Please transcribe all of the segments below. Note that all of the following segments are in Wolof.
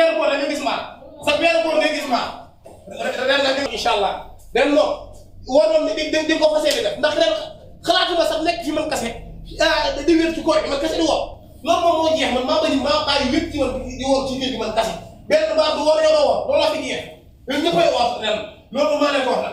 pierre ko la ñu gis ma sa pierre ko ngay gis ma di inshallah ren mo waron di di ko fasé def ndax ren xalaatuma sax nek ci man kassé ah di wër ci koor man kassé di wo lool mom mo jeex man ma bañ ma bayi wépp ci man di wor ci nit man kassé benn ba du wor yoro wor loolu fi jeex ñun ñeppay wax ren loolu ma leen ko wax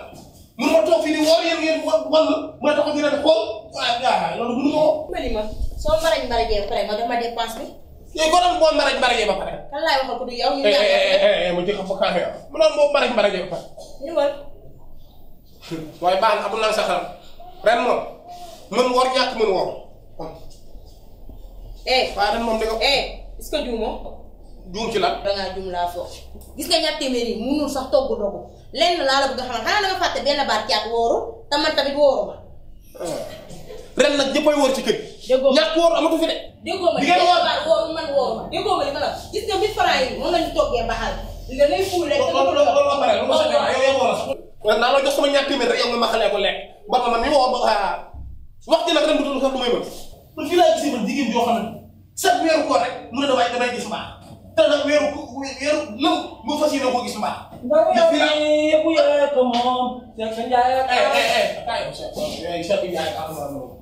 mun ma tok fi di wor yeen ngeen wal ma taxaw di leen xol ah loolu bu nu ko mali ma so marañ barajé pare nga dama dépense bi ni ko dam ko marañ barajé ba pare kan lay waxal ko du yow ñu eh eh mu jëk fa kaafé mu non mo barek barek yow fa ñu wal way baan amul na saxal ren mom mën eh fa ren eh est ce que juumo juum ci lan da nga juum la fo gis nga ñatt téméri mënul sax togg dogu lenn la la bëgg xamal ren nak ñëppay wor ci kër ñak wor amatu fi de déggoo ma wor wóor wor man wor ma déggoo ma li ma la gis nga mille francs yi moom lañu toggee baxal nga lay fuul rek ko loolu ba pare lu ma sa yow yow wor na la jox sama ñak mi rek yow nga ma ko lek ba ma ni ma ba wax waxti nak ren bu dul xam du may ma man fi la gis man jigéen joo xam ne chaque weeru rek mu ne damay damay gis mbaax nak nag ko weeru lu mu gis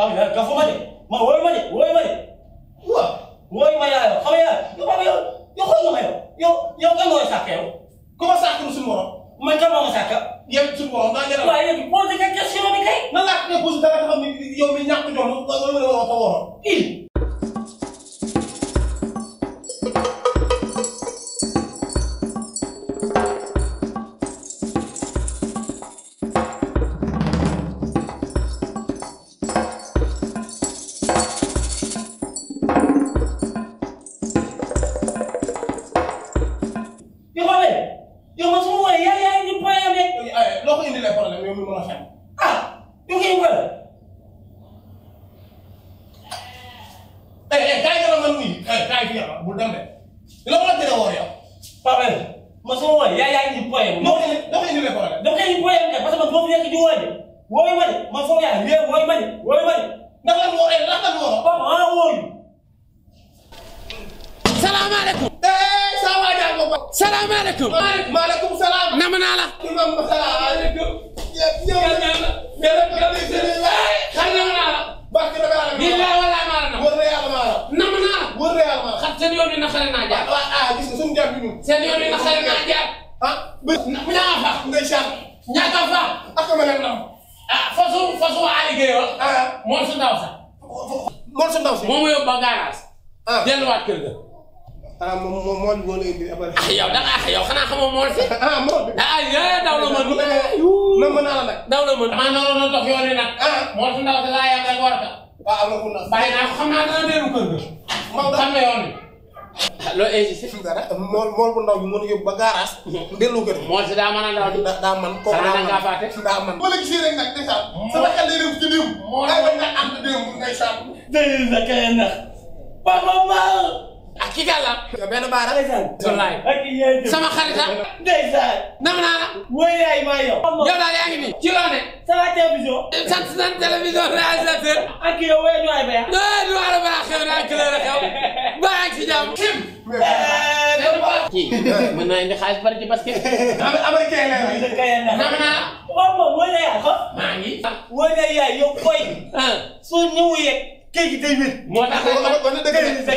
아, 야, 야, 소마지. 마, 얼마지? 얼마지? 우와, 얼마야, 가만야, 이거 봐봐요. 이거 혼나요. 이거, 이거 뭐 삭해요? 그거 삭는 무슨 거? 먼저 뭐 삭해? 얘 무슨 거? 나 얘랑. 와, 얘 보드 깎여 심어 니까? 나 깎여 보드 깎여 가면 여기 약도 좀. 이. Paa bu dambe. la ma gën a wóor ma soo wooyee yaa yaa indi poye. ma wooyee dafa indi ne poye. dafa indi poye bi parce que man boobu nekk di wooye de. wooye ma de man soo yaa yee wooye ma ma de. seen yoon wi aja. naa jaar. ah gis nga suñu jaar bi moom. seen yoon wi naqare naa jaar. ah bés. mu ñaaxa fa. ndeysaan. ñaata fa. ak ma leen am. ah fasu fasu Aliou Guèye wax. ah Mor sa ndaw sa. Mor sa ndaw sa. moo ma ba garage. ah delluwaat kër ga. ah moom moom moo ñu woon indi après. ah yow da ngaa yow xanaa xamoo Mor si. ah Mor bi. ah yooyu daw la mën. na mën naa la nag. daw la mën. maa naroon na dox yoon yi nag. ah Mor sa ndaw sa laa yàgg ak war a. waaw am na ku ndax. bàyyi naa ko xam naa dana dellu kër ga. xam na yoon bi. Ah, loolu injustice. dara mool mool bu ndaw bi mën a yóbbu ba mool si daa mën a ndaw daa daa mën. kooku daa mën daa mën. ma la gisee rek nag ndeysaan. sama xel day dem ci démb. mool day dem nga ànd démb ndeysaan. déedéet nag kay ndax. ba ak ki gàlla. yow benn baara. wallaay sama xarita. ndeysaan. nama naa la. mooy yaay maa yow. yow daal yaa ngi nii. ci loo ne. sama télévision. sant nañ télévision réalisateur. ak yow wéy ñu waay ba yàq. du war a baax xew naa kële la xew. baax ci jàmm. Eh, eh, eh, kii mën naa indi xaalis bari ci basket. américain la nama naa la. waaw moom wóor na yaa ko. maa ngi. wóor na yaa yow koy. Ah. soo ñëwee. kii gi day wér. moo tax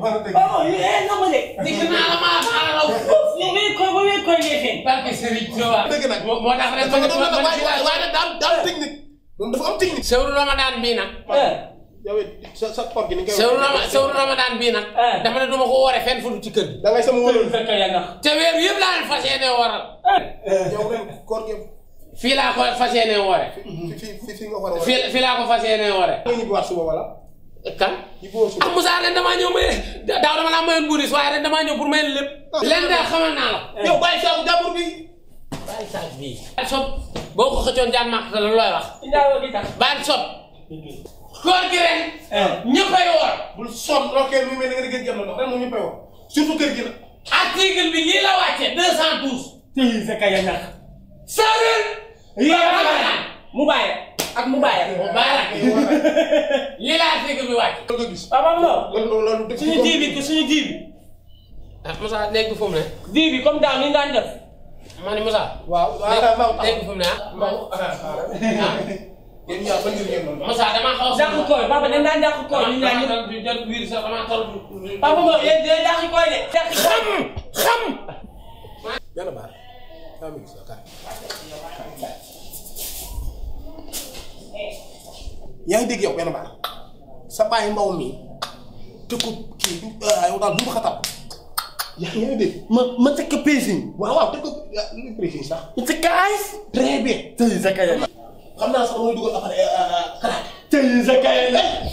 waaw yow eh nga ma de. dégg naa la maa maa la raw. yow mii koy ba mii koy ñeefee. barke Serigne Touba. dëgg nag moo tax rek ma ne ma ne waaye waaye nag daal daal technique. moom dafa am technique. sewru Ramadan bii nag. Eh. yow sa sa koor gi ni nga koy waxee. sewru Ramadan bii nag. Eh. dafa ne du ma ko wooree fenn fu du ci kër gi. da ngay sama wóorul fekk ya nga. te weer yëpp laa leen fas yéenee waral. Eh. yow ren koor gi. fii laa ko fas yéenee wooree. fii fii fii nga ko war a wooree. fii fii laa ko fas yéenee wooree. nga ñibbiwaat suba wala. kan ak ah, Moussa a damaa ñëw maye daaw dama laa mayoon bonus waaye ren damaa ñëw pour maye lépp. Ah. leen daal xamal naa la. Eh. yow bàyyi saabu jàmbur bi. bàyyi saabu bi. bàyyi boo ko xëccoon jaan màkk la looy wax. bàyyi sop. koor gi ren. Eh. ñëppay bul sonn ok muy mel ni nga di gën jàmm ndox ren moom ñëppay woor surtout la. article bi lii la wàcce deux cent douze. tey sa kaya ak mu bàyyi ak mu bàyyi lii laa fekk bi wàcc. loolu nga gis waaw loolu. suñu ji bi suñu ji bi. ah Moussa nekk fu mu ne. ji bi comme daaw ni ñu daan def. ma ne Moussa. waaw waaw nekk fu mu ne ah. Moussa damaa xaw a. dàq koy papa dañ daan dàq koy. ñu daan jot wiir sax damaa toll. papa boobu yéen dàq koy de. dàq xam xam. yaa ngi dégg yow benn baat sa bàyyi mbaw mi tëkku kii euh, yow daal bu mu xatal ma ma tëkk paysan waaw waaw tëkk euh, lu paysan sax c'est kaayis très bien tey sa kaye xam naa sax mooy dugal après euh, karaate tey sa kaye la eh,